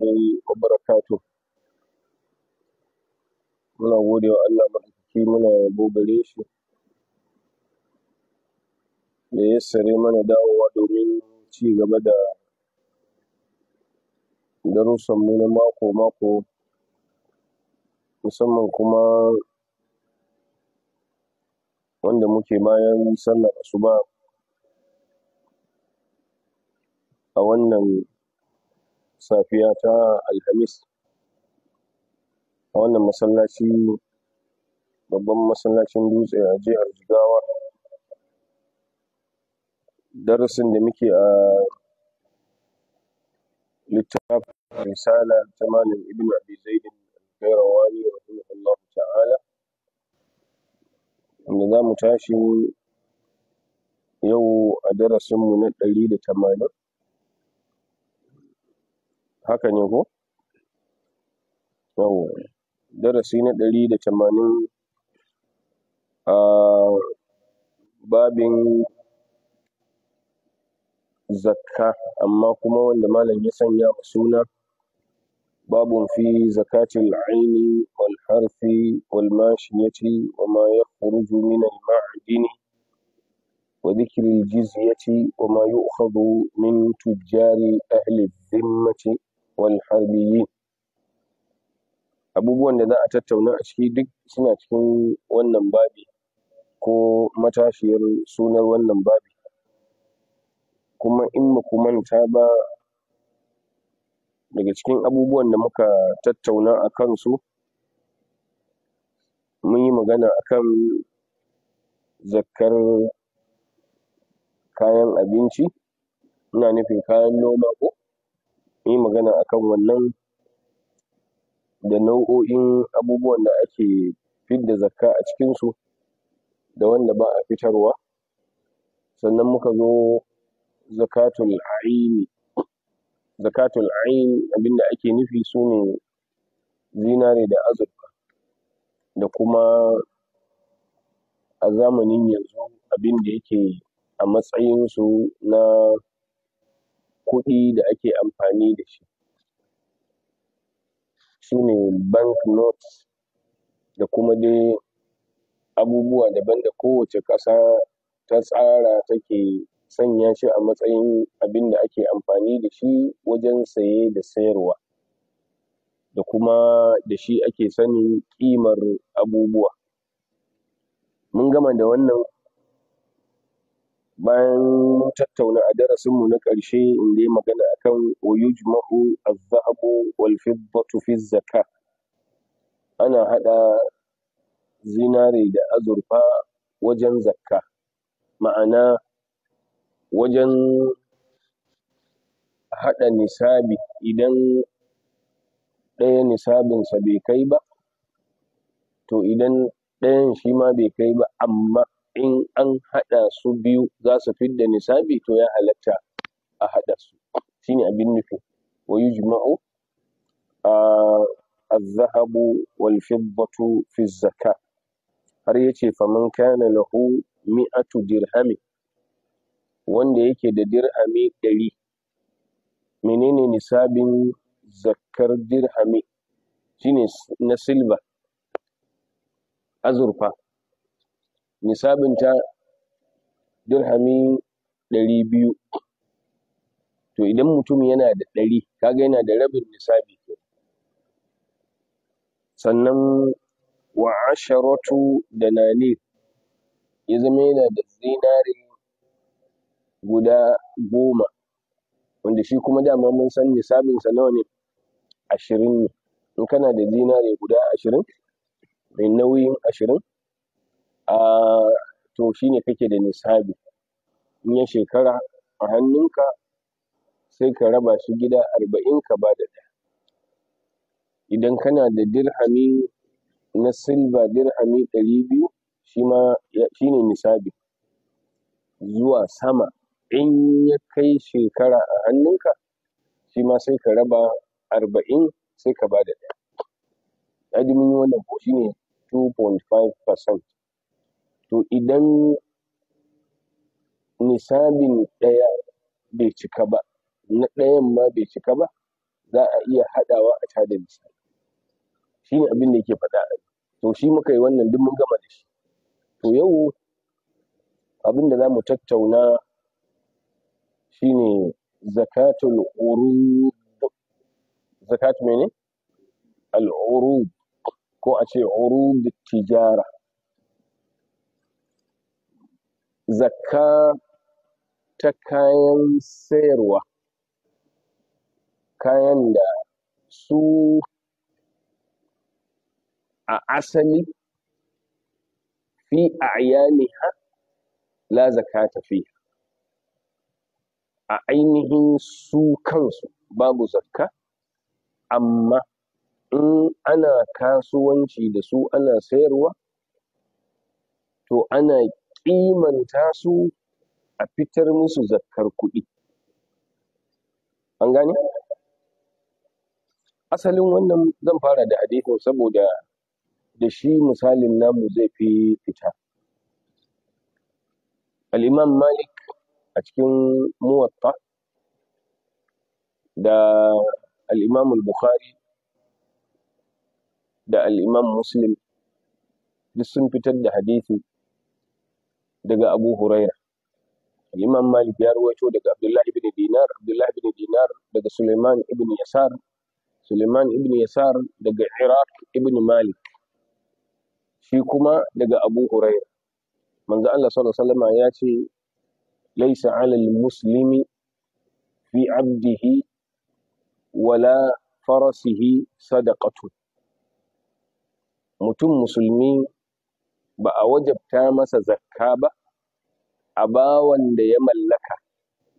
wabarakatuh. Muna gode wa Allah maɗaukaki muna yabo gare shi da ya sare mana dawowa domin ci gaba da mu na mako-mako musamman kuma wanda muke bayan sallar asuba a wannan safiya ta alhamis a wannan masallaci babban masallacin dutse a jihar jigawa darasin da muke a littafin risala ta malam ibn abi zaidin al rahimahullahu ta'ala wanda za mu tashi yau a darasinmu na ɗari da tamanin haka ne ko? yawwa darasi na ɗari da tamanin a babin zakka amma kuma wanda malam ya sanya wa suna babun fi zakatun aini wal harfi wal mashiyati wa ma yakhruju min al ma'dini wa dhikri ya jizyati wa ma yu'khadhu min tujjari ahli zimmaci والحربيين abubuwan da za a tattauna a ciki duk suna cikin wannan babi ko matashiyar sunar wannan babi kuma in ba manta ba daga cikin abubuwan da muka tattauna a kansu mun yi magana akan zakkar kayan abinci ina nufin kayan noma ko mun yi magana akan wannan da nau'o'in abubuwan da ake fidda zakka a cikinsu da wanda ba a fitarwa sannan muka zo zakatul aini zakatul aini abinda ake nufi su ne zinare da azurfa da kuma a zamanin yanzu abinda yake a matsayinsu na kuɗi da ake amfani da shi bank banknotes da kuma dai abubuwa daban da kowace ƙasa ta tsara take sanya shi a matsayin abin da ake amfani da shi wajen saye da sayarwa da kuma da shi ake sanin ƙimar abubuwa mun gama da wannan bayan mun tattauna a mu na ƙarshe inda dai magana akan wayujma'u az-zahabu wal fiddatu fi zakka ana hada zinare da azurfa wajen zakka ma'ana wajen hada nisabi idan ɗaya nisabinsa bai kai ba to idan ɗayan shi ma bai kai ba amma in an haɗa su biyu za su fi da nisabi to ya halatta a haɗa su Shi ne abin nufi wa yujma'u الذهب والفضة fi zaka har yace faman kana lahu mi'atu dirhami wanda yake da dirhami ɗari menene nisabin zakar dirhami Shi ne na silba azurfa Nisabin ta dirhami ɗari biyu to idan mutum yana da ɗari kaga yana da rabin nisabi sannan wa asharatu nane. ya zama yana da zinari guda goma wanda shi kuma dama mun san nisabinsa nawa ne ashirin ne in kana da zinari guda ashirin mai nauyin ashirin to shine kake da nisabi in ya shekara a hannunka sai ka raba shi gida arba'in ka ba da ɗaya idan kana da dirhami na silba dirhami ɗari biyu shi ma shi ne nisabi zuwa sama in ya kai shekara a hannunka shi ma sai ka raba arba'in sai ka ba da ɗaya adimin wannan ko shi ne 2.5 percent to idan nisabin ɗaya bai cika ba na ɗayan ma bai cika ba za a iya haɗawa a tada misali shi ne abin da yake faɗa a to shi muka yi wannan duk mun gama da shi to yau abin da za mu tattauna shi ne zakatul urud zakat mene al urud ko a ce urud tijara zakka ta kayan sayarwa kayan da su a asali fi a a'yaniha la ta fi, a ainihin su kansu babu zakka amma in ana kasuwanci da su ana sayarwa to ana tsimanta su a fitar musu zakkar kuɗi an gane asalin wannan zan fara da hadithin saboda da shi misalin namu zai fi fita al'imam malik a cikin muwatta da al'imam bukhari da al'imam muslim duk sun fitar da hadisi daga Abu Huraira Imam Malik ya rawaito daga Abdullah ibn Dinar Abdullah ibn Dinar daga Sulaiman ibn Yasar Sulaiman ibn Yasar daga Iraq ibn Malik shi kuma daga Abu Huraira manzo Allah sallallahu alaihi wasallam ya ce laysa 'ala al-muslimi fi 'abdihi wala farasihi sadaqatu mutum musulmi ba a wajabta masa zakka ba a bawan da ya mallaka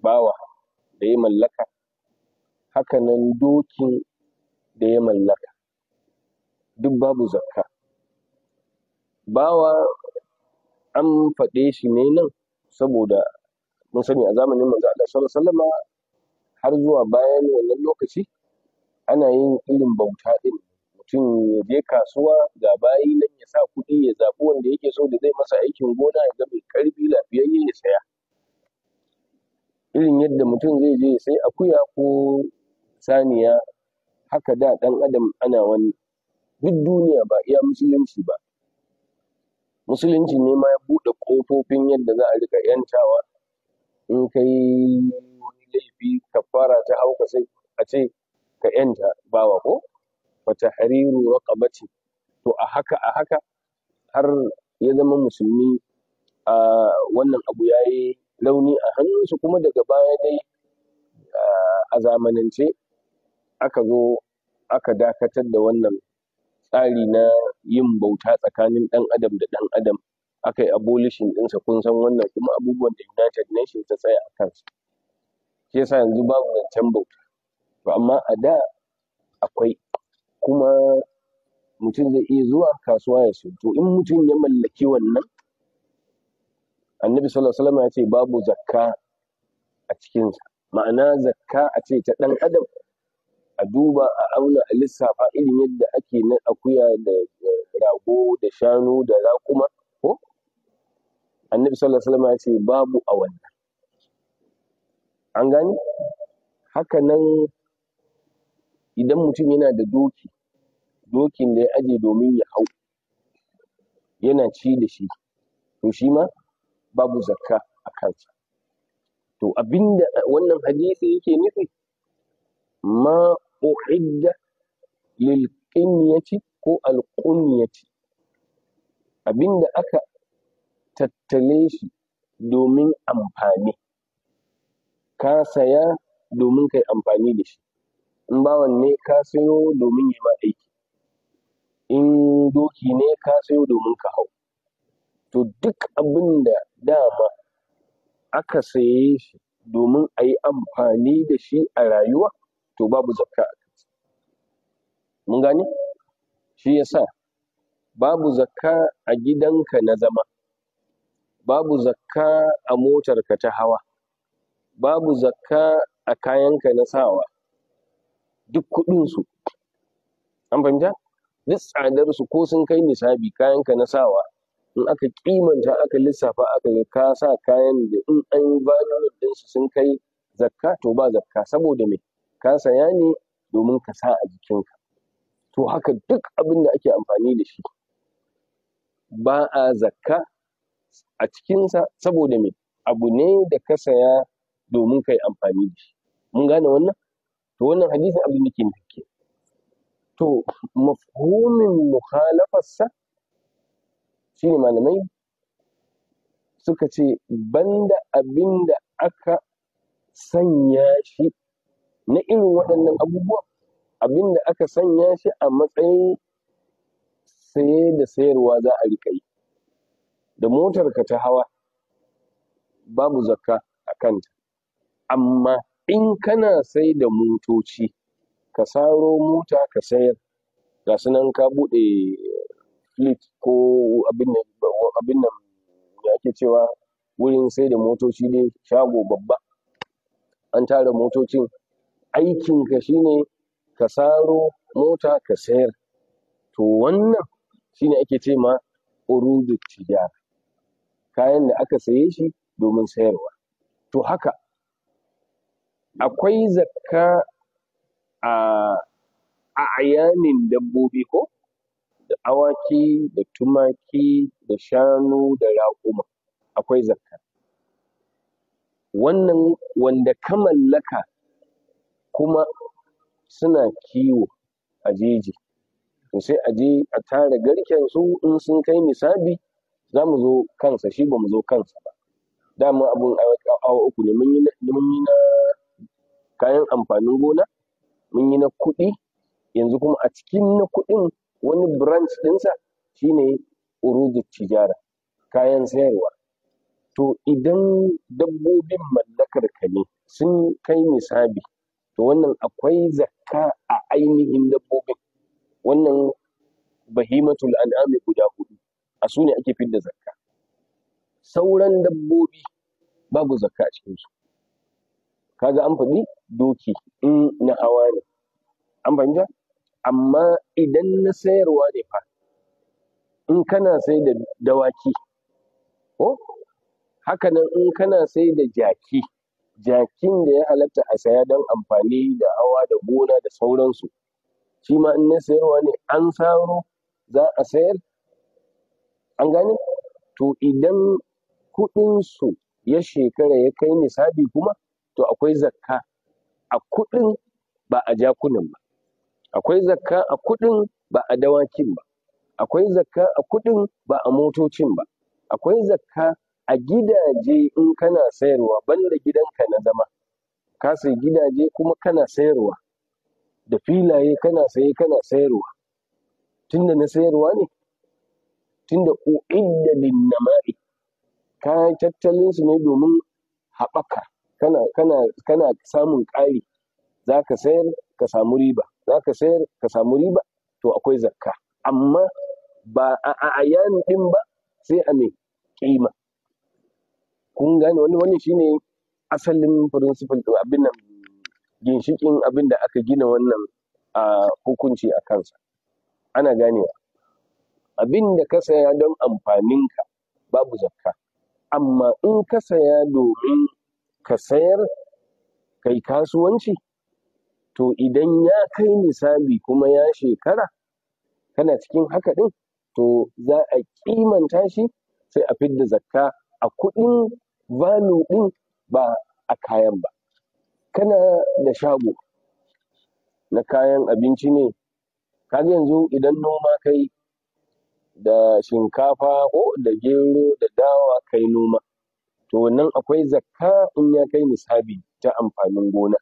bawa da ya mallaka hakanan dokin da ya mallaka duk babu zakka bawa an faɗe shi ne nan saboda mun sani a zamanin manzo Allah sallallahu alaihi wasallam har zuwa bayan wannan lokaci ana yin irin bauta din mutum ya je kasuwa ga bayi nan ya sa kuɗi ya zaɓi wanda yake so da zai masa aikin gona ya ga mai ƙarfi lafiyayye ya saya irin yadda mutum zai je sai akuya ko saniya haka da ɗan adam ana wani duk duniya ba iya musulunci ba musulunci ne ma ya buɗe ƙofofin yadda za a riƙa yantawa in kai wani laifi kafara ta hauka sai a ce ka yanta bawa ko fatahariru raqabati to a haka a haka har ya zama musulmi a wannan abu yayi launi a hannunsu kuma daga baya dai a zamanance aka zo aka dakatar da wannan tsari na yin bauta tsakanin ɗan adam da ɗan adam aka yi abolishin ɗinsa kun san wannan kuma abubuwan da united nations ta tsaya a kansu shi yasa yanzu babu zancen bauta to amma a da akwai kuma mutum zai iya zuwa kasuwa ya siyo to in mutum ya mallaki wannan annabi sallallahu alaihi wasallam ya ce babu zakka a cikinsa ma'ana zakka a ce ta ɗan adam a duba a auna a lissafa irin yadda ake na akuya da rago da shanu da raƙuma ko annabi sallallahu alaihi wasallam ya ce babu a wannan an gani haka nan idan mutum yana da doki dokin da ya aje domin ya hau yana ci da shi to shi ma babu zakka a kansa to abinda wannan hadisi yake nufi ma uhidda lil qinyati ko al qunyati abinda aka tattale shi domin amfani ka saya domin kai amfani da shi in bawan ne ka sayo domin yi ma aiki in doki ne ka sayo domin ka hau to duk abin da dama aka saye shi domin a yi amfani da shi a rayuwa to babu zakka a kansa mun gane shi yasa babu zakka a gidanka na zama babu zakka a motarka ta hawa babu zakka a kayanka na sawa duk kuɗinsu an fahimta duk tsadarsu ko sun kai nisabi kayanka na sawa in aka kimanta aka lissafa aka ga ka sa kayan da in an yi ɗinsu sun kai zakka to ba zakka saboda me ka saya ne domin ka sa a jikinka to haka duk abin da ake amfani da shi ba a zakka a cikinsa saboda me abu ne da ka saya domin kai amfani da shi mun gane wannan to wannan hadisin abin yake nufi to mafhumin mukhalafarsa shi ne malamai suka ce banda abin da aka sanya shi na irin waɗannan abubuwa abin da aka sanya shi a matsayin saye da sayarwa za a riƙa yi da motarka ta hawa babu zakka a kanta amma in kana sai da motoci ka saro mota ka sayar ga su nan ka buɗe fleet ko abin nan da ake cewa wurin sai da motoci ne shago babba an tara motocin aikin aikinka shine ka saro mota ka sayar to wannan shine ake ce ma urudu tijara kayan da aka saye shi domin sayarwa to haka akwai zakka a ayanin dabbobi ko da awaki da tumaki da shanu da raƙuma akwai zakka wannan wanda ka mallaka kuma suna kiwo a jeji to sai a je a tara garken su in sun kai misabi? za mu zo kansa shi ba mu zo kansa ba dama abun awa uku ne mun yi na kayan amfanin gona mun yi na kuɗi yanzu kuma a cikin na kuɗin wani branch ɗinsa shine urudu tijara kayan sayarwa to idan dabbobin mallakar ka ne sun kai misabi to wannan akwai zakka a ainihin dabbobin wannan bahimatul an'ami guda huɗu, a su ne ake fidda zakka sauran dabbobi babu zakka a cikinsu kaga an faɗi doki in na hawa ne an fahimta amma idan na sayarwa ne fa in kana sai da dawaki ko haka nan in kana sai da jaki jakin da ya halatta a saya don amfani da hawa da gona da sauransu shi ma in na sayarwa ne an saro za a sayar an gane to idan kuɗinsu ya shekara ya kai nisabi kuma to akwai zakka a kuɗin ba a jakunan ba akwai zakka a kuɗin ba a dawakin ba akwai zakka a kuɗin ba a motocin ba akwai zakka a gidaje in kana sayarwa banda gidanka na zama ka sai gidaje kuma kana sayarwa da filaye kana saye kana sayarwa tunda na sayarwa ne tunda u'idda linnama'i ka tattalin su ne domin haɓaka kana kana samun ƙari za ka sayar ka samu riba za ka sayar ka samu riba to akwai zakka amma ba a ayan din ba sai a mai ƙima kun gane wani wani shine asalin principle abin nan ginshikin abin da aka gina wannan a hukunci a kansa ana ganewa abin da ka saya don amfaninka babu zakka amma in ka saya domin ka sayar kai kasuwanci to idan ya kai misali kuma ya shekara kana cikin haka ɗin to za a kimanta shi sai a fidda zakka a kuɗin valu ɗin ba a kayan ba kana da shago na kayan abinci ne kaga yanzu idan noma kai da shinkafa ko da gero da dawa kai noma to nan akwai zakka in ya kai nisabi ta amfanin gona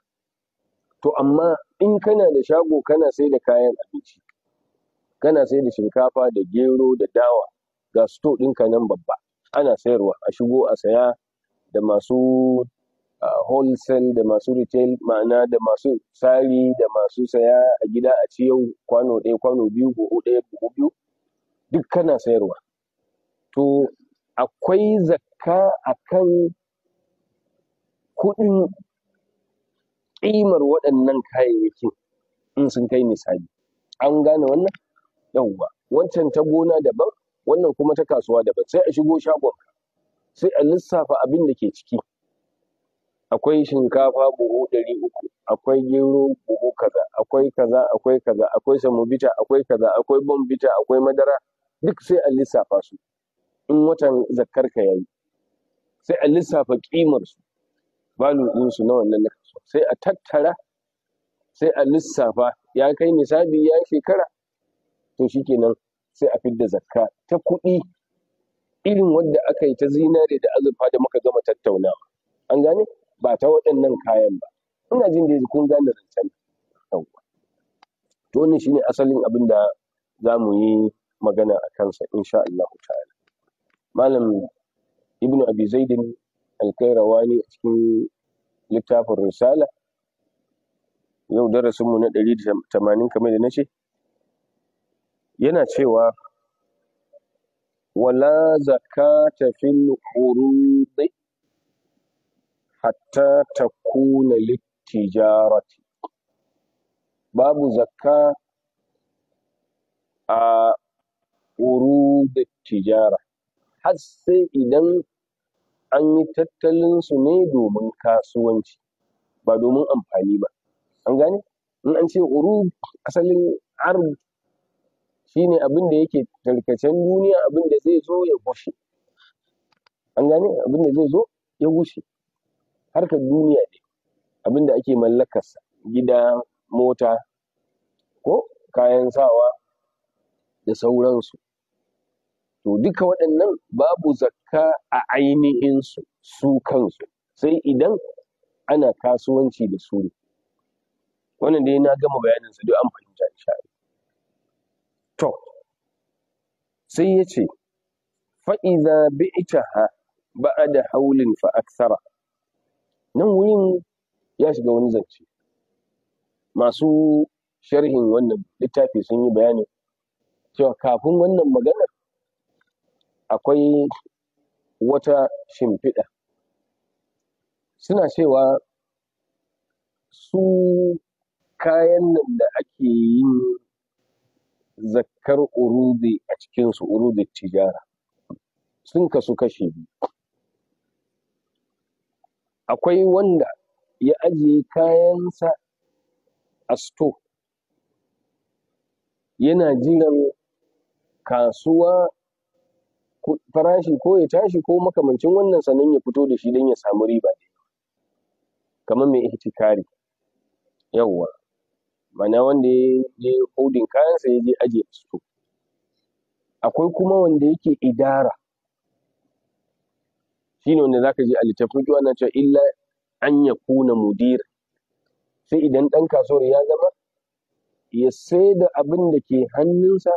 to amma in kana da shago kana sai da kayan abinci kana sai da shinkafa da gero da dawa ga sto ɗinka nan babba ana sayarwa a shigo a saya da masu wholesale da masu retail ma'ana da masu tsari da masu saya a gida a ci yau kwano ɗaya kwano biyu buhu ɗaya buhu biyu duk kana sayarwa to akwai zakka A kan kuɗin ƙimar waɗannan kayayyakin in sun kai misali an gane wannan yawwa wancan ta gona daban wannan kuma ta kasuwa daban sai a shigo shagon sai a lissafa abin da ke ciki akwai shinkafa buhu ɗari uku akwai gero buhu kaza akwai kaza akwai kaza akwai samobita akwai kaza akwai bombita akwai madara duk sai a lissafa su in watan zakkar ka yayi sai a lissafa ƙimarsu, su ɗinsu na wannan na kasuwa sai a tattara sai a lissafa ya kai nisabi ya shekara to shikenan sai a fidda zakka ta kuɗi irin wadda aka yi ta zinare da azurfa da muka gama tattaunawa an gane ba ta waɗannan kayan ba ina jin da kun gane zancen to wannan shine asalin abin da za mu yi magana a kansa insha Allah ta'ala malam ibnu abi zaidin alkairawani a cikin littafin risala yau darasinmu na 180 kamar da na ce yana cewa wala zaka fil qurudi hatta kuna littijarati babu zaka a qurudi tijara har sai idan an yi tattalin su ne domin kasuwanci ba domin amfani ba an gane in an ce urud asalin shi shine abin da yake tarkacen duniya abin da zai zo ya gushe an gane abin da zai zo ya gushe harkar duniya ne abin da ake mallakarsa gida mota ko kayan sawa da sauransu to duka waɗannan babu zakka a ainihin su kansu sai idan ana kasuwanci da su wannan dai na gama bayanin su duk an fahimta insha to sai ya ce fa'iza bi'taha ba'da haulin fa aksara nan wurin ya shiga wani zance masu sharhin wannan littafi sun yi bayani. cewa kafin wannan magana akwai wata shimfiɗa suna cewa su kayan nan da ake yin zakkar urudi a cikinsu urudi tijara sun kasu kashe akwai wanda ya ajiye kayansa a sto yana jiran kasuwa farashi ko ya tashi ko makamancin wannan sannan ya fito da shi don ya samu riba da yawa, kamar mai ihtikari yawwa ma'ana wanda ya je holding kayansa ya je ajiye su akwai kuma wanda yake idara shi ne wanda ka je a littafin kiwa na cewa illa an ya kuna mudir sai idan ɗan kasuwar ya zama ya sai da abin da ke hannunsa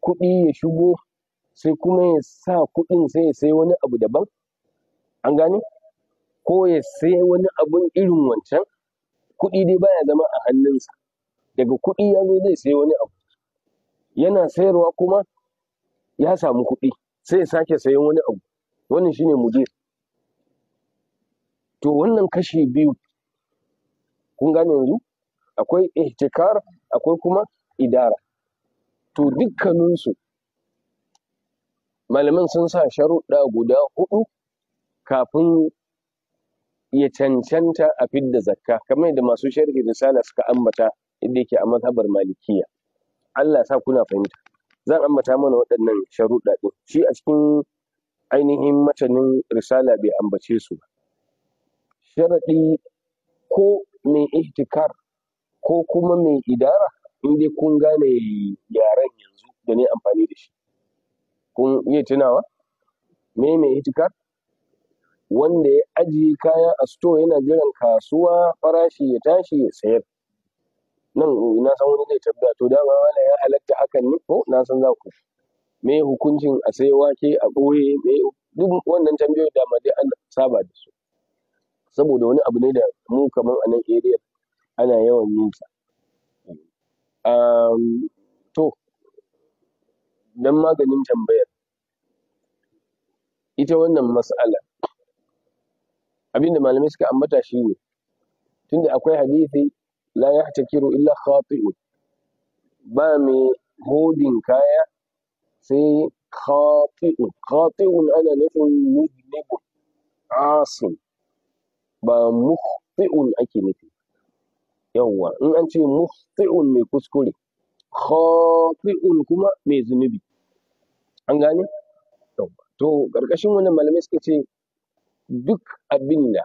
kuɗi ya shigo sai kuma ya sa kuɗin sai ya sai wani abu daban an gane ko ya sai wani abun irin wancan kuɗi dai baya zama a hannunsa daga kuɗi ya zo zai sai wani abu yana sayarwa kuma ya samu kuɗi sai ya sake sayan wani abu wannan shine muje to wannan kashi biyu kun gane yanzu akwai ihtikar akwai kuma idara to dukkaninsu malaman sun sa sharuɗa guda huɗu kafin ya cancanta a fidda zakka kamar yadda masu sharhi risala suka ambata inda yake a mazhabar malikiya Allah sa kuna fahimta zan ambata mana waɗannan sharuɗa ɗin shi a cikin ainihin matanin risala bai ambace su ba sharaɗi ko mai ihtikar ko kuma mai idara in dai kun gane yaren yanzu da ne amfani kun iya tunawa me mai hitika wanda ya ajiye kaya a store yana jiran kasuwa farashi ya tashi ya sayar nan na san wani zai tabbata to dama wala ya halatta hakan ne ko na san za ku me hukuncin a sai wake a boye me duk wannan tambayoyi da ma dai an saba da su saboda wani abu ne da mu kamar a nan area ana yawan yin sa um, to dan maganin tambayar ita wannan mas'ala abinda malamai suka ambata shi ne tunda akwai hadisi la yahtakiru illa khati'u ba mai hodin kaya sai khati'u khati'u ana nufin mujnibu asin ba mukhti'un ake nufi yawwa in an ce mukhti'un mai kuskure khati'un kuma mai zunubi an gane to ƙarƙashin wannan malamai suka ce duk abin da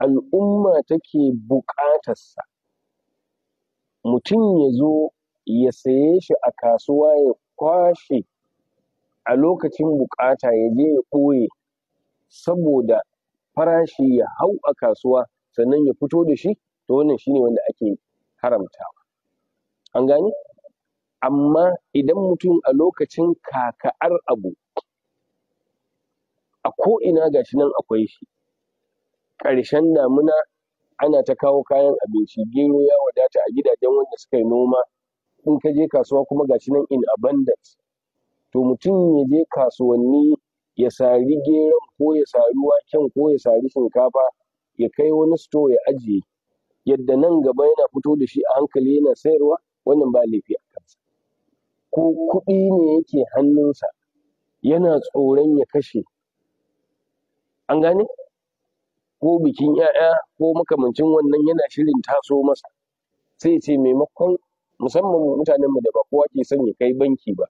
al'umma take buƙatarsa mutum ya zo ya saye shi a kasuwa ya kwashe a lokacin buƙata ya je ya ɓoye saboda farashi ya hau a kasuwa sannan ya fito da shi to wannan shine wanda ake haramtawa an gane amma idan mutum a lokacin kaka'ar abu a ko'ina ga shi nan akwai shi ƙarshen damuna ana ta kawo kayan abinci gero ya wadata a gidajen wanda suka yi noma in ka je kasuwa kuma ga shi nan in abundance to mutum ya je kasuwanni ya sari geron ko ya sari waken ko ya sari shinkafa ya kai wani store ya ajiye yadda nan gaba yana fito da shi a hankali yana sayarwa wannan ba laifi a kansa ko kuɗi ne yake hannunsa yana tsoron ya kashe an gane ko bikin ‘ya'ya ko makamancin wannan yana shirin taso masa sai ce maimakon musamman mutanen mu da ba kowa ke son ya kai banki ba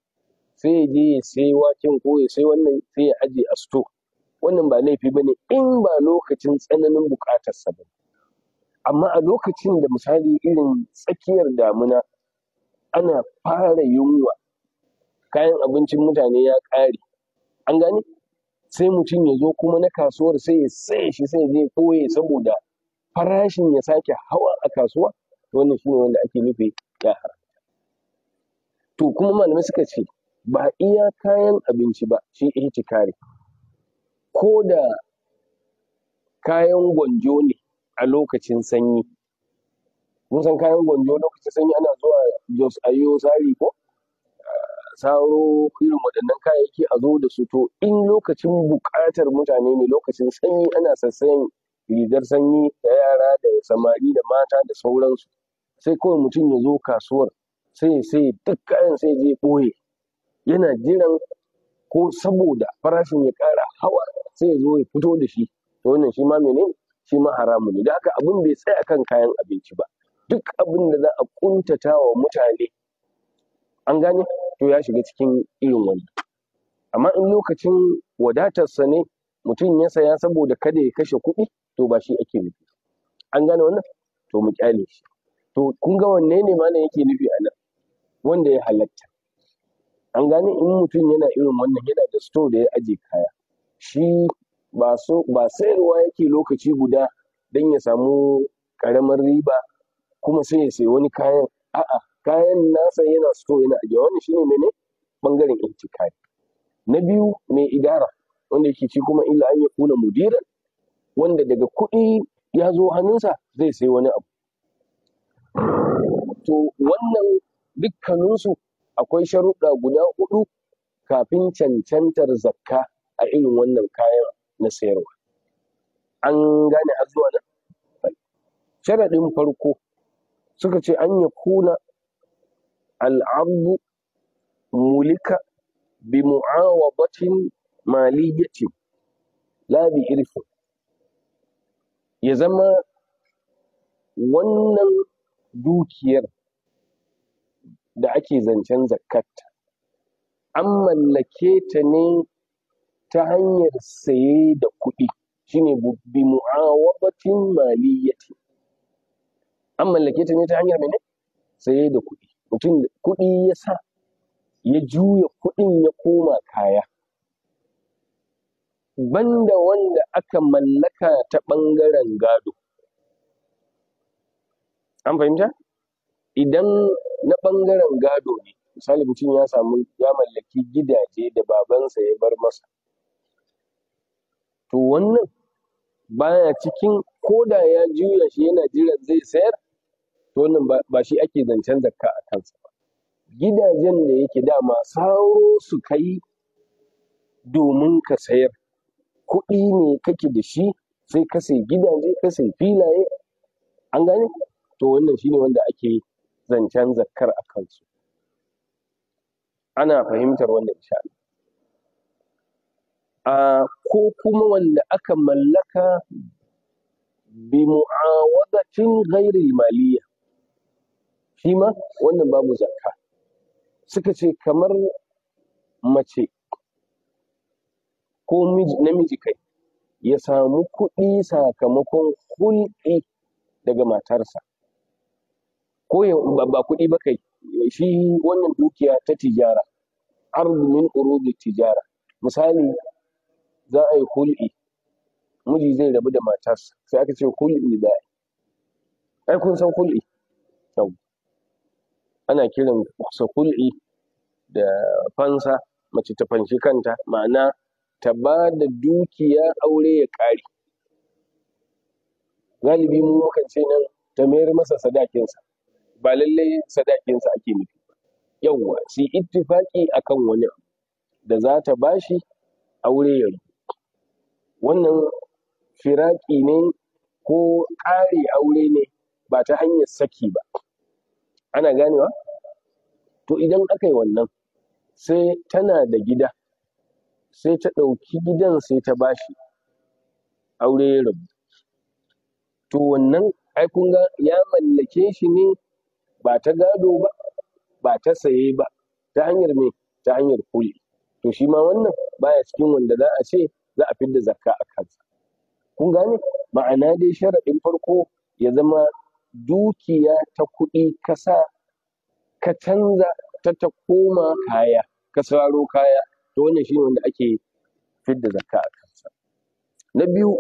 sai ya ya sai waken ko ya sai wannan sai ya aje a sto wannan ba laifi bane in ba lokacin tsananin buƙatarsa ba amma a lokacin da misali irin tsakiyar damuna ana fara yunwa kayan abincin mutane ya ƙare an gane sai mutum ya zo kuma na kasuwar sai ya sai shi sai je koye saboda farashin ya sake hawa a kasuwa wannan shine wanda ake nufi ya haramta to kuma malamai suka ce ba iya kayan abinci ba shi ihtikari ko da kayan gwanjo ne a lokacin sanyi mun san kayan gwanjo lokacin sanyi ana zuwa jos ayo sari ko saro irin waɗannan kayayyaki a zo da su to in lokacin buƙatar mutane ne lokacin sanyi ana sassayin rigar sanyi da yara da samari da mata da sauransu sai kawai mutum ya zo kasuwar sai sai duk kayan sai je ɓoye yana jiran ko saboda farashin ya ƙara hawa sai ya zo ya fito da shi to wannan shi ma menene shi ma haramun ne da haka abin bai tsaya kan kayan abinci ba duk abin da za a kuntata wa mutane an gane to ya shiga cikin irin wani amma in lokacin wadatarsa ne mutum ya saya saboda kada ya kashe kuɗi to ba shi ake nufi an gane wannan to mu kyale shi to kun ga wanne ne malam yake nufi a nan wanda ya halatta an gane in mutum yana irin wannan yana da store da ya aje kaya shi ba so ba sayarwa yake lokaci guda dan ya samu ƙaramar riba kuma sai ya sayi wani kayan a'a kayan nasa yana so yana ajiye wannan shine mene bangaren intikari na biyu mai idara wanda yake ci kuma illa an ya kuna mudiran wanda daga kuɗi ya zo hannunsa zai sai wani abu to wannan dukkaninsu akwai sharuɗa guda hudu kafin cancantar zakka a irin wannan kayan na sayarwa an gane har zuwa nan sharaɗin farko suka ce an ya kuna al'abdu mulika bi mu'awadatin maliyatin la irfin ya zama wannan dukiyar da ake zancen zakatta an mallake ta ne ta hanyar saye da kuɗi shine bi mu'awabatin maliyyati an mallake ta ne ta hanyar mene saye da kuɗi mutum kuɗi ya sa ya juya kuɗin ya koma kaya banda wanda aka mallaka ta ɓangaren gado an fahimta idan na ɓangaren gado ne misali mutum ya samu ya mallaki gidaje da babansa ya bar masa to wannan baya cikin koda ya juya shi yana jiran zai sayar to wannan ba shi ake zancen zakka a kansa ba gidajen da yake dama sauro su kai domin ka sayar kuɗi ne kake da shi sai ka sai gidaje ka sai filaye an gane to wannan shi ne wanda ake zancen zakkar a kansu ana fahimtar wannan insha a ko kuma wanda aka mallaka bi mu'awadatin ghairil maliya shi ma wannan babu zakka suka ce kamar mace ko namiji kai ya samu kuɗi sakamakon hulɗi daga matarsa ko ya ba kuɗi ba kai shi wannan dukiya ta tijara arzumin urudi tijara misali za a yi hulɗi miji zai rabu da matarsa sai aka ce hulɗi za a yi ai kun san hulɗi ana kiran kusa kul'i da fansa mace ta fanshi kanta ma'ana ta ba da dukiya aure ya ƙare galibi mu mukan ce nan ta mayar masa sadakinsa ba lallai sadakinsa ake nufi ba yawwa su ittifaki akan wani abu da za ta bashi aure ya wannan firaki ne ko ƙare aure ne ba ta hanyar saki ba ana ganewa to idan aka yi wannan sai tana da gida sai ta ɗauki gidan sai ta bashi aure ya rabu to wannan ai kun ga ya mallake shi ne ba ta gado ba ba ta saye ba ta hanyar me ta hanyar kuli to shi ma wannan baya cikin wanda za a ce za a fidda zakka a kansa kun gane ma'ana dai sharaɗin farko ya zama dukiya ta kuɗi ka ka canza ta ta koma kaya ka saro kaya to wannan shi ne wanda ake fidda zakka a kansa na biyu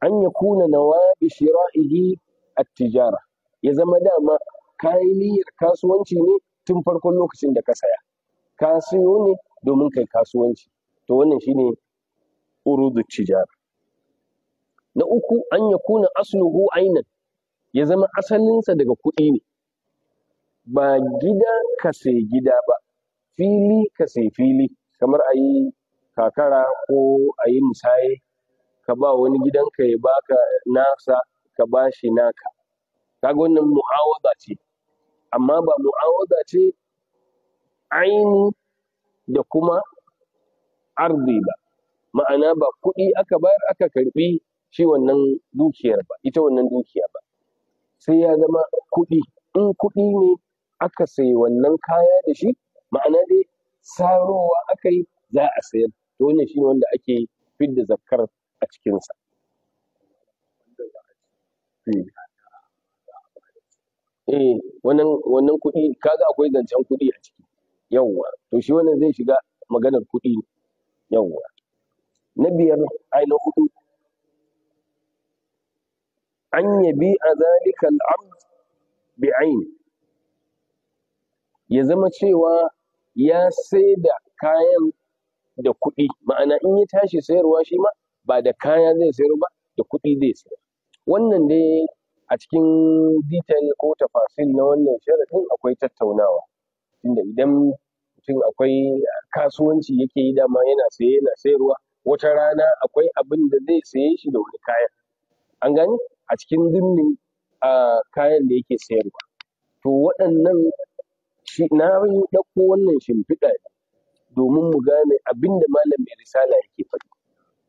an ya kuna shira'ihi at-tijara ya zama dama kayan niyyar kasuwanci ne tun farkon lokacin da ka saya ka siyo ne domin kai kasuwanci to wannan shi ne urudu tijara na uku an ya kuna asluhu ainan ya zama asalinsa daga kuɗi ne ba gida ka sai gida ba fili ka sai fili kamar a yi kakara ko a yi musaye ka ba wani ka ya baka nasa ka ba shi naka kaga wannan mu'awaza ce amma ba mu'awaza ce aini da kuma arzi ba ma'ana ba kuɗi aka bayar aka karɓi shi wannan dukiyar ba ita wannan dukiya ba sai ya zama kuɗi in kuɗi ne aka sayi wannan kaya da shi ma'ana dai sarowa aka yi za a sayar to wannan ne wanda ake fidda zakar a cikinsa hmm. eh wannan wannan kuɗi kaga akwai zancen kuɗi a ciki yawwa to shi wannan zai shiga maganar kuɗi ne yawwa na biyar ai na hudu an bi a zalika al'abd ya zama cewa ya sai da kayan da kuɗi ma'ana in ya tashi sayarwa shi ma ba da kaya zai sayar ba da kuɗi zai sayar wannan dai a cikin detail ko tafasil na wannan sharaɗin akwai tattaunawa inda idan mutum akwai kasuwanci yake yi dama yana saye yana sayarwa wata rana akwai abin da zai saye shi da wani kayan an gani? a cikin a kayan da yake sayarwa to waɗannan shi na yi ɗauko wannan shimfiɗa ne domin mu gane abin malam mai risala yake faɗi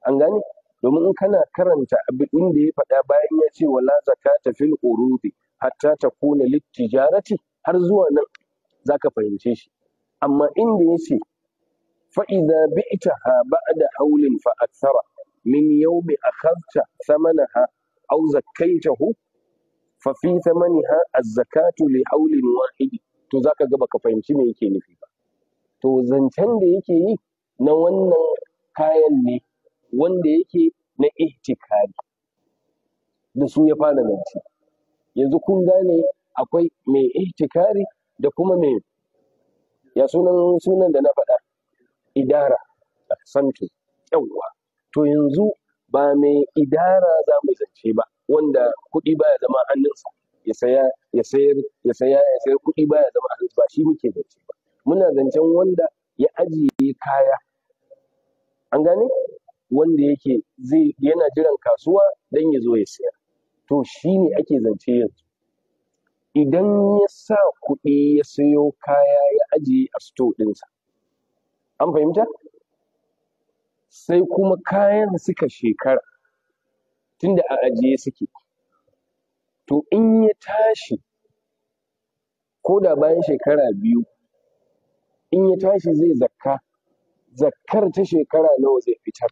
an gane domin in kana karanta abin da ya faɗa bayan ya ce wala zakata fil urudi hatta takuna littijarati har zuwa nan zaka fahimce shi amma inda ya ce fa'iza bi'ita ha ba'da haulin fa aksara min yawmi akhadta samanaha aw zakkaitahu Fafita fi thamaniha az-zakatu li hawlin wahidi to zaka ga baka fahimci me yake nufi ba to zancen da yake yi na wannan kayan ne wanda yake na ihtikari da su ya fara zance yanzu kun gane akwai mai ihtikari da kuma mai ya sunan sunan da na faɗa idara santo yawwa to yanzu ba mai idara za mu zance ba wanda kuɗi baya zama hannunsa ya saya ya sayar ya saya ya sayar kuɗi baya zama hannunsa ba shi muke zance ba muna zancen wanda ya ajiye kaya an gane wanda yake zai yana jiran kasuwa don ya zo ya sayar. to shi ne ake zance yanzu idan ya sa kuɗi ya sayo kaya ya ajiye a sto ɗinsa an fahimta sai kuma kayan suka shekara tunda a ajiye suke to in ya tashi ko da bayan shekara biyu in ya tashi zai zakka zakkar ta shekara nawa zai fitar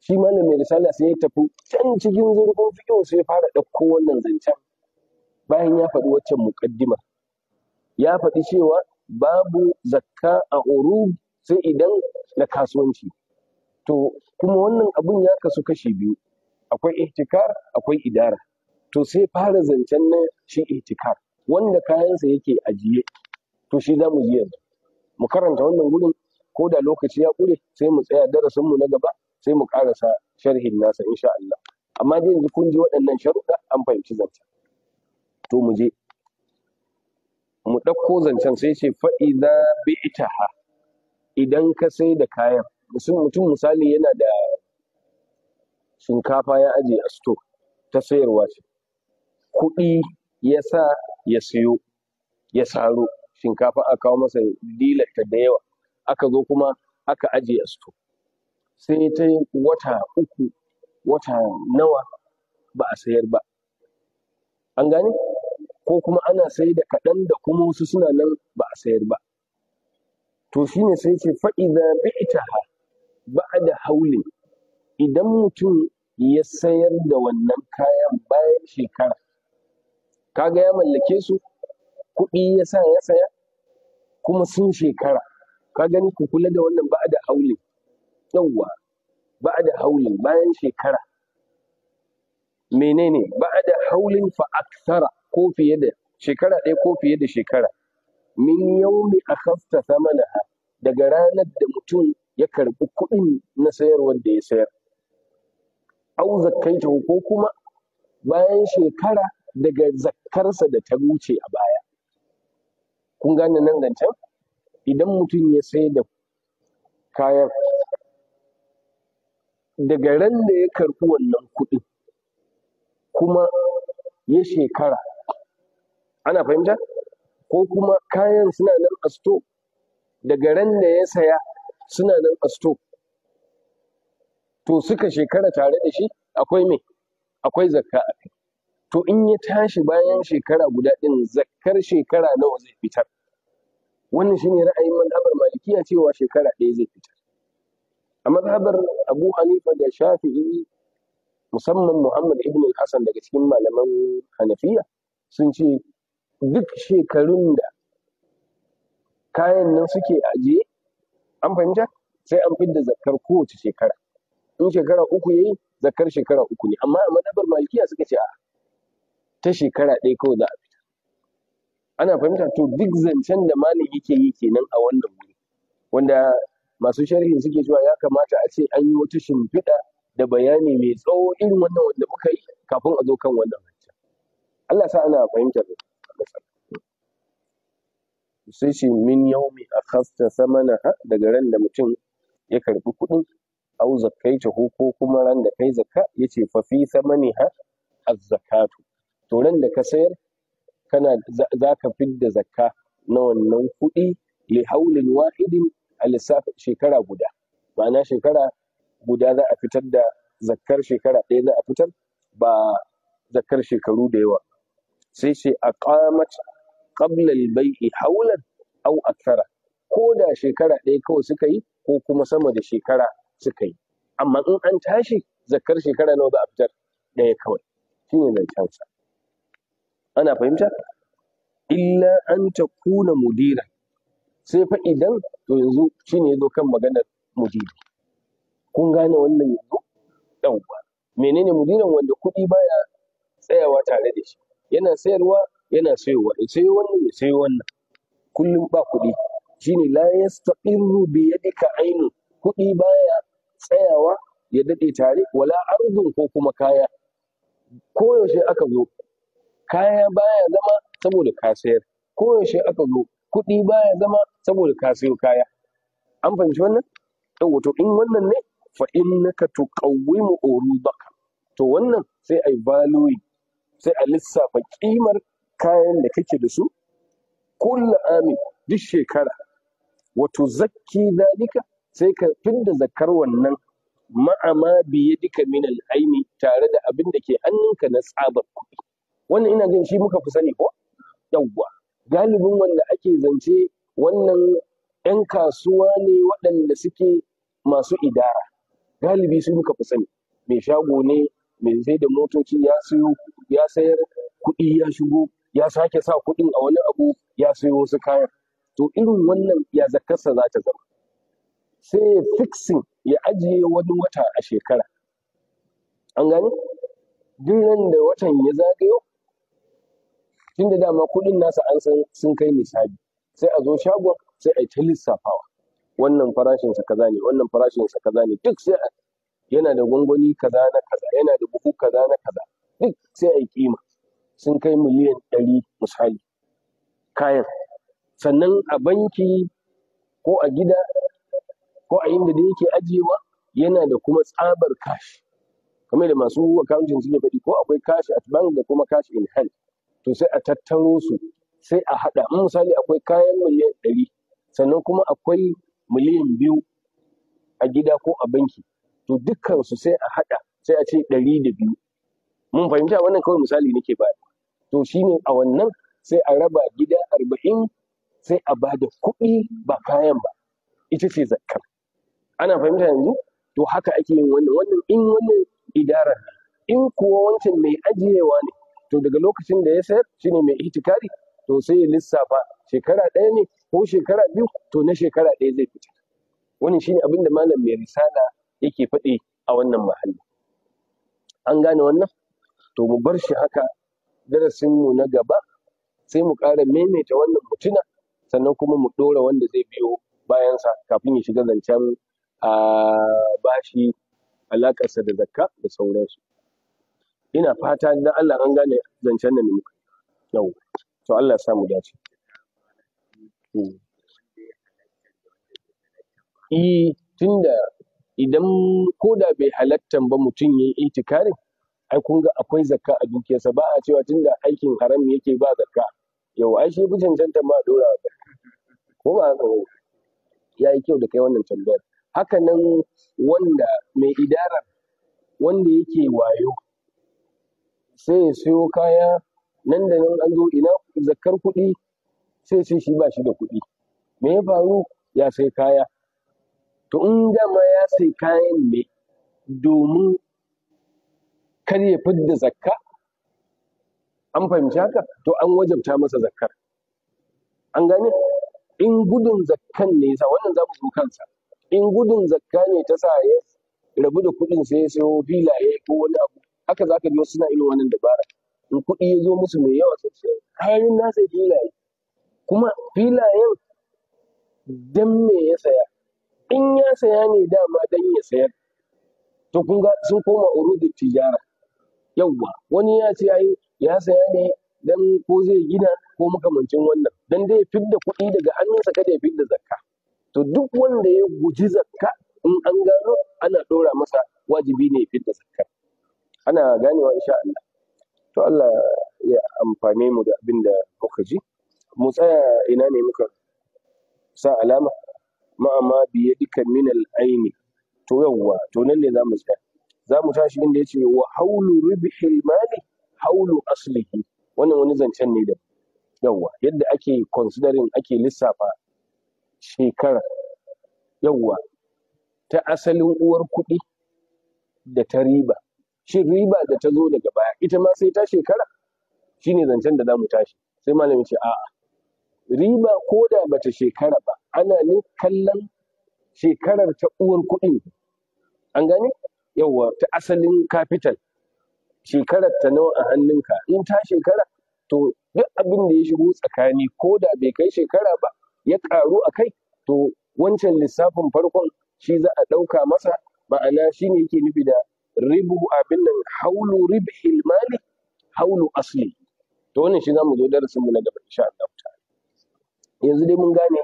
shi malam mai risala sai ya tafi can cikin zurfin fiƙo sai ya fara ɗauko wannan zancen bayan ya faɗi waccan muƙaddima ya faɗi cewa babu zakka a urub sai idan na kasuwanci to kuma wannan abun ya kasu kashi biyu akwai ihtikar akwai idara to sai fara zancen nan shi ihtikar wanda kayansa yake ajiye to shi za mu ji yanzu mu karanta wannan gurin ko da lokaci ya ƙure sai mu tsaya darasin mu na gaba sai mu karasa sharhin nasa insha Allah amma dai yanzu kun ji waɗannan sharuɗa an fahimci zancen to mu je mu ɗauko zancen sai ce fa'iza ha, idan ka sai da kayan mutum misali yana da shinkafa ya aje a sto ta sayarwa ce kuɗi ya sa ya siyo ya saro shinkafa a kawo masa dilarta da yawa aka zo kuma aka aje a sto sai ta wata uku wata nawa ba a sayar ba an gane ko kuma ana sai da kaɗan da kuma wasu suna nan ba a sayar ba to shine sai ce fa'iza bi'taha da haulin idan mutum ya sayar da wannan kayan bayan shekara kaga ya mallake su kuɗi ya sa ya saya kuma sun shekara ka gani ku kula da wannan ba'da haulin yawwa da haulin bayan shekara menene da haulin fa aksara ko fiye da shekara ɗaya ko fiye da shekara min yaumi akhafta samana daga ranar da mutum ya karɓi kuɗin na sayarwar da ya sayar au zakkaita ko kuma bayan shekara daga zakkarsa da ta wuce a baya kun gane nan gancan idan mutum ya sai da kayan daga ran da ya karɓi wannan kuɗi, kuma ya shekara ana fahimta ko kuma kayan suna nan a daga ran da ya saya suna nan a sto to suka shekara tare da shi akwai me akwai zakka to in ya tashi bayan shekara guda ɗin zakkar shekara nawa zai fitar wannan shine ra'ayin mazhabar malikiya cewa shekara ɗaya zai fitar a mazhabar abu hanifa da shafi'i musamman muhammad ibn hassan daga cikin malaman hanafiya sun ce duk shekarun da kayan nan suke ajiye an fahimta sai an fidda zakar kowace shekara in shekara uku yayi zakar shekara uku ne amma a madabar malikiya suka ce a ta shekara ɗaya kawai za a fita ana fahimta to duk zancen da malam yake yi kenan a wannan wuri wanda masu sharhi suke cewa ya kamata a ce an yi wata shimfiɗa da bayani mai tsawo irin wannan wanda muka yi kafin a zo kan wannan zancen Allah sa ana fahimtar da sai ce min yaumi samana ha daga ran da mutum ya karbi kuɗin au zakkaitahu ko kuma ran da kai zakka yace fa fi ha az-zakatu to ran da ka sayar kana za ka fidda zakka na wannan kuɗi li haulin wahidin a lissafin shekara guda ma'ana shekara guda za a fitar da zakkar shekara ɗaya za a fitar ba zakkar shekaru da yawa sai ce a ƙamat qabla al-bai'i hawlan aw akthara ko da shekara ɗaya kawai suka yi ko kuma sama da shekara suka yi amma in an tashi zakar shekara nawa za a ɗaya kawai shine zancensa ana fahimta illa an ta kuna mudira sai fa idan to yanzu shine yazo kan maganar mudiri kun gane wannan yanzu yawwa menene mudiran wanda kuɗi baya tsayawa tare da shi yana sayarwa yana sayowa ya sayo wannan ya sayo wannan kullum ba kuɗi shine la yastaqirru bi yadika ainu kuɗi baya tsayawa ya dade tare wala arzun ko kuma kaya yaushe aka zo kaya baya zama saboda ka sayar yaushe aka zo kuɗi baya zama saboda ka sayo kaya an fahimci wannan yauwa to in wannan ne fa innaka tuqawwimu urubaka to wannan sai ai valuing sai a lissafa kimar kayan da kake da su kulla amin duk shekara wato zakki zalika sai ka da zakar wannan ma'ama biye duka min al'aini tare da abin da ke hannunka na tsabar kuɗi wannan ina jin shi muka fi sani ko yawwa galibin wanda ake zance wannan 'yan kasuwa ne waɗanda suke masu idara galibi su muka fi sani mai shago ne mai sai da motoci ya sayar kuɗi ya shigo ya sake sa kuɗin a wani abu ya sayo wasu kayan to irin wannan ya zakarsa za ta zama sai ya fixing ya ajiye wani wata a shekara an gani duk da watan ya zagayo da dama kuɗin nasa an san sun kai misali sai a zo shagon sai a yi ta lissafawa wannan farashinsa kaza ne wannan farashinsa kaza ne duk sai yana da gwangwani kaza na kaza yana da buhu kaza na kaza duk sai a yi kima sun kai miliyan ɗari misali kayan sannan a banki ko a gida ko a inda da yake ajiyewa yana da kuma tsabar kashi kamar da masu accounting suke faɗi ko akwai kashi at bank da kuma kashi in hand to sai a tattaro su sai a haɗa in misali akwai kayan miliyan ɗari sannan kuma akwai miliyan biyu a gida ko a banki to dukkansu sai a haɗa sai a ce ɗari da biyu mun fahimta wannan kawai misali nake baya to shine a wannan sai a raba gida arba'in sai a bada kuɗi ba kayan ba ita ce zakkar ana fahimta yanzu to haka ake yin wannan wannan in wannan idara in kuwa wancan mai ajiyewa ne to daga lokacin da ya sayar shine mai itikari to sai ya lissafa shekara ɗaya ne ko shekara biyu to na shekara ɗaya zai fita wannan shine abin da malam mai risala yake faɗi a wannan mahalli an gane wannan to mu bar shi haka darasinmu na gaba sai mu ƙara maimaita wannan mutuna sannan kuma mu ɗora wanda zai biyo bayansa kafin ya shiga zancen a bashi alaƙarsa da zakka da sauransu ina fata dan Allah an gane zancen nan muka yau to Allah ya samu dace hmm. eh tunda idan ko da bai halattan ba mutum ya yi itikarin ai kun ga akwai zakka a dukiyarsa ba a cewa tunda aikin haram yake ba zakka yau ai shi bijin janta ma dora ko ba haka ya yi kyau da kai wannan tambayar haka nan wanda mai idarar wanda yake wayo sai ya siyo kaya nan da nan an zo ina zakkar kuɗi sai sai shi ba shi da kuɗi me ya faru ya sai kaya to in dama ya sai kayan ne domin kar ya fidda zakka an fahimci haka to an wajabta masa zakkar an gane in gudun zakkan ne sa wannan za mu zo kansa in gudun zakka ne ta sa ya rabu da kuɗin sai ya sayo filaye ko wani abu haka za ka ji suna irin wannan dabara in kuɗi ya zo musu mai yawa sai kayan na sai filaye kuma filayen dan me ya saya in ya saya ne dama dan ya sayar to kun ga sun koma urudu tijara yawwa wani ya ce ai ya saya ne dan ko zai gina ko makamancin wannan dan dai da kuɗi daga hannunsa kada ya da zakka to duk wanda ya guji zakka in an gano ana ɗora masa wajibi ne ya da zakka ana ganewa insha Allah to Allah ya amfane mu da abin da muka ji mu tsaya ina ne muka sa alama ma'ama biye dukkan minal aini to yawwa to nan ne za mu tsaya za mu tashi inda ya ce wa haulu ribhil mali haulu aslihi wannan wani zancen ne da Yawwa yadda ake considering ake lissafa shekara Yawwa ta asalin uwar kuɗi da ta riba shin riba da ta zo daga baya ita ma sai ta shekara shine zancen da za mu tashi sai malamin ce a'a riba ko da bata shekara ba ana ne kallon shekarar ta uwar kuɗin an gane yawa ta asalin capital shekarar ta nawa a hannunka in ta shekara to duk abin da ya shigo tsakani ko da bai kai shekara ba ya karu a kai to wancan lissafin farkon shi za a ɗauka masa ma'ana shi ne yake nufi da ribu abin nan haulu ribu ilmali, haulu asli to wannan shi za mu zo darasin mu na gaba insha Allah yanzu dai mun gane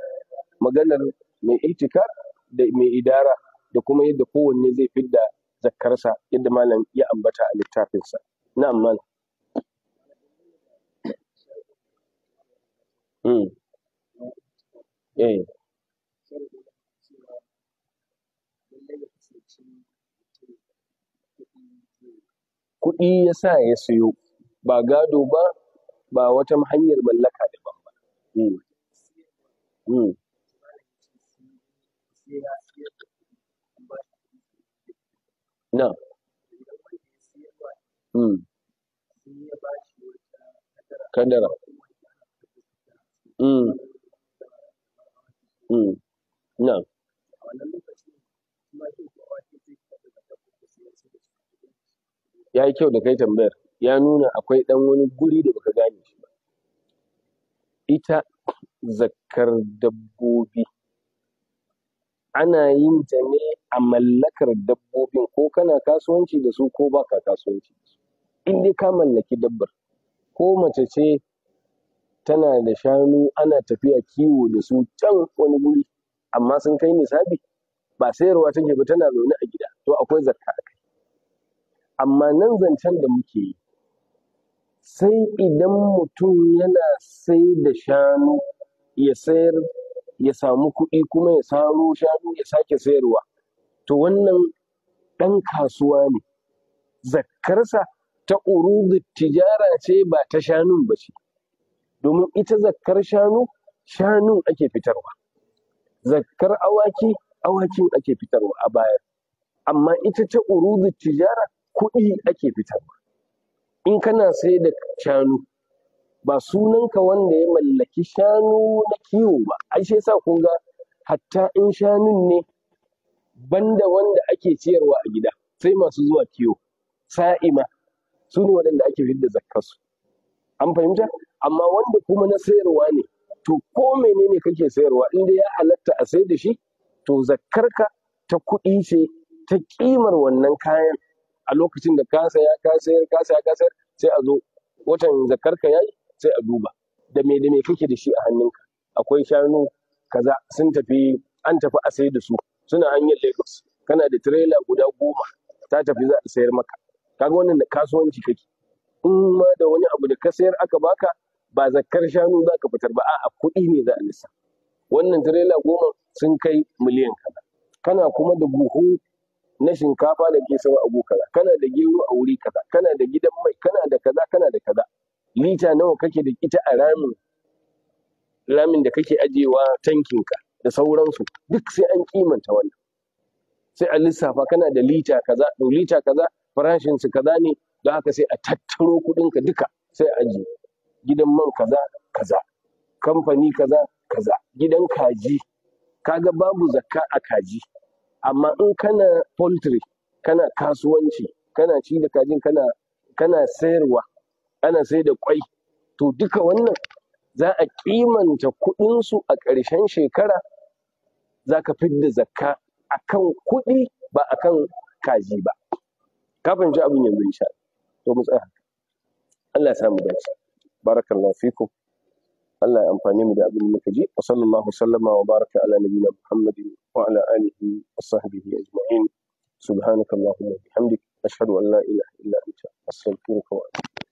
maganar mai itikar da mai idara da kuma yadda kowanne zai fidda zakkarsa yadda malam ya ambata a littafinsa na'am malam hmm. eh. kuɗi ya sa ya sayo ba gado ba ba wata hanyar mallaka daban ba mm. mm. Na'am. Mm. Kandara! Mm. Mm. Na'am. Ya yi kyau da kai tambayar, ya nuna akwai ɗan wani guri da baka gane shi ba. Ita zakkar dabbobi ana yin ta ne a mallakar dabbobin ko kana kasuwanci da su ko baka kasuwanci da su in dai ka mallaki dabbar ko mace ce tana da shanu ana tafiya kiwo da su can wani guri amma sun kai nisabi ba sayarwa take ba tana zaune a gida to akwai zakka a kai amma nan zancen da muke yi sai idan mutum yana sai da shanu ya sayar ya samu kuɗi kuma ya saro shanu ya sake sayarwa to wannan ɗan kasuwa ne zakkarsa ta urudu tijara ce ba ta shanun ba ce domin ita zakkar shanu shanun ake fitarwa zakkar awaki awakin ake fitarwa a bayar amma ita ta urudu tijara kuɗi ake fitarwa in kana sai da shanu ba sunanka wanda ya mallaki shanu na kiwo ba ai sai sa kun ga hatta in shanun ne banda wanda ake ciyarwa a gida sai masu zuwa kiwo sa'ima su ne waɗanda ake fidda zakkarsu an fahimta amma wanda kuma na sayarwa ne to ko menene kake sayarwa inda ya halatta a sai da shi to zakkarka ta kuɗi ce ta ƙimar wannan kayan a lokacin da ka saya ka sayar ka saya ka sayar sai a zo watan zakkarka yayi sai a duba da me da me kake da shi a hannunka akwai shanu kaza sun tafi an tafi a sayar da su suna hanyar Lagos kana da trailer guda goma ta tafi za a sayar maka kaga wannan da kasuwanci kake in ma da wani abu da ka sayar aka baka ba zakkar shanu za ka fitar ba a kuɗi ne za a lissa wannan trailer goma sun kai miliyan kaza kana kuma da buhu na shinkafa da ke sama abu kaza kana da gero a wuri kaza kana da gidan mai kana da kaza kana da kaza lita nawa kake da ita a ramin ramin da kake tankin ka da sauransu duk sai an kimanta wannan sai a lissafa kana da lita kaza da lita kaza farashin su kaza ne don haka sai a tattaro kuɗinka duka sai a ji gidan man kaza kaza kamfani kaza kaza gidan kaji kaga babu zakka a kaji amma in kana poultry kana kasuwanci kana ci da kajin kana kana sayarwa ana sai da kwai to duka wannan za a kimanta kudinsu a ƙarshen shekara za ka fidda zakka a kan kuɗi ba a kan kaji ba kafin fahimci abin yanzu insha to mu tsaya Allah ya samu dace barakallahu fikum Allah ya amfani mu da abin da muka ji wa sallallahu sallama wa baraka ala nabiyina Muhammadin wa ala alihi wa sahbihi ajma'in subhanakallahumma wa bihamdik ashhadu an la ilaha illa anta astaghfiruka wa atubu